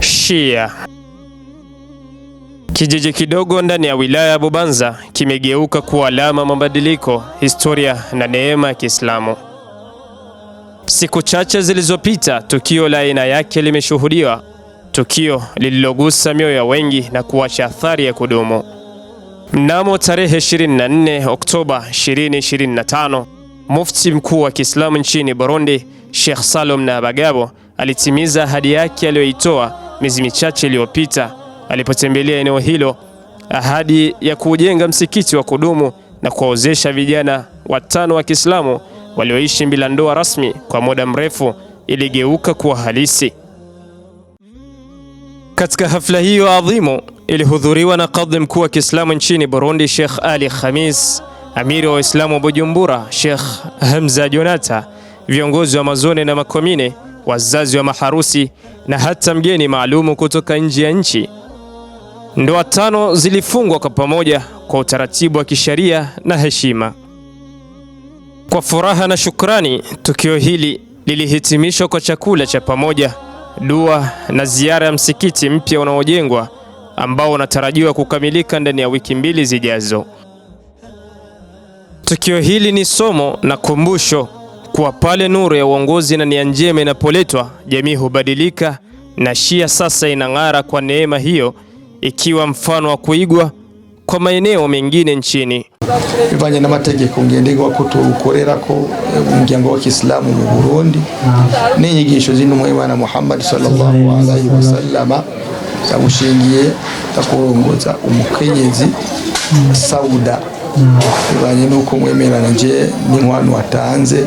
Shia. Kijiji kidogo ndani ya wilaya ya Bubanza kimegeuka kuwa alama mabadiliko, historia na neema ya Kiislamu. Siku chache zilizopita, tukio la aina yake limeshuhudiwa, tukio lililogusa mioyo ya wengi na kuacha athari ya kudumu. Mnamo tarehe 24 Oktoba 2025 mufti mkuu wa Kiislamu nchini Burundi Sheikh Salom Nabagabo alitimiza ahadi yake aliyoitoa miezi michache iliyopita alipotembelea eneo hilo, ahadi ya kujenga msikiti wa kudumu na kuwaozesha vijana watano wa Kiislamu walioishi bila ndoa rasmi kwa muda mrefu iligeuka kuwa halisi. Katika hafla hiyo adhimu ilihudhuriwa na kadhi mkuu wa Kiislamu nchini Burundi Sheikh Ali Khamis, amiri wa Waislamu wa Bujumbura Sheikh Hamza Jonata, viongozi wa mazone na makomine, wazazi wa maharusi na hata mgeni maalumu kutoka nje ya nchi. Ndoa tano zilifungwa kwa pamoja kwa utaratibu wa kisheria na heshima. Kwa furaha na shukrani, tukio hili lilihitimishwa kwa chakula cha pamoja, dua na ziara ya msikiti mpya unaojengwa ambao unatarajiwa kukamilika ndani ya wiki mbili zijazo. Tukio hili ni somo na kumbusho kuwa pale nuru ya uongozi na nia njema inapoletwa, jamii hubadilika, na Shia sasa inang'ara kwa neema hiyo, ikiwa mfano wa kuigwa kwa maeneo mengine nchini. bivanye n'amategeko ngenderwaho ko umuryango wa Kiislamu mu Burundi mm. n'inyigisho z'intumwa y'Imana Muhammad sallallahu alaihi wasallama cyagushingiye cyo umukenyezi sauda bibanye n'uko mwemeranyije n'inkwano watanze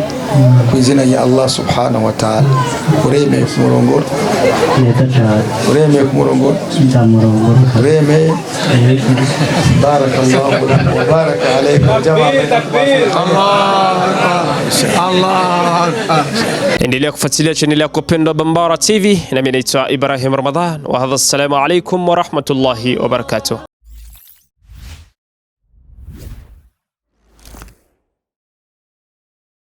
ku izina rya Allah subhanahu wa ta'ala uremeye ku murongo uremeye ku murongo uremeye barakallahu wa baraka alaykum endelea kufuatilia chaneli yako pendwa Bambara TV nami naitwa Ibrahim Ramadhan wa hadha assalamu alaykum wa rahmatullahi wa barakatuh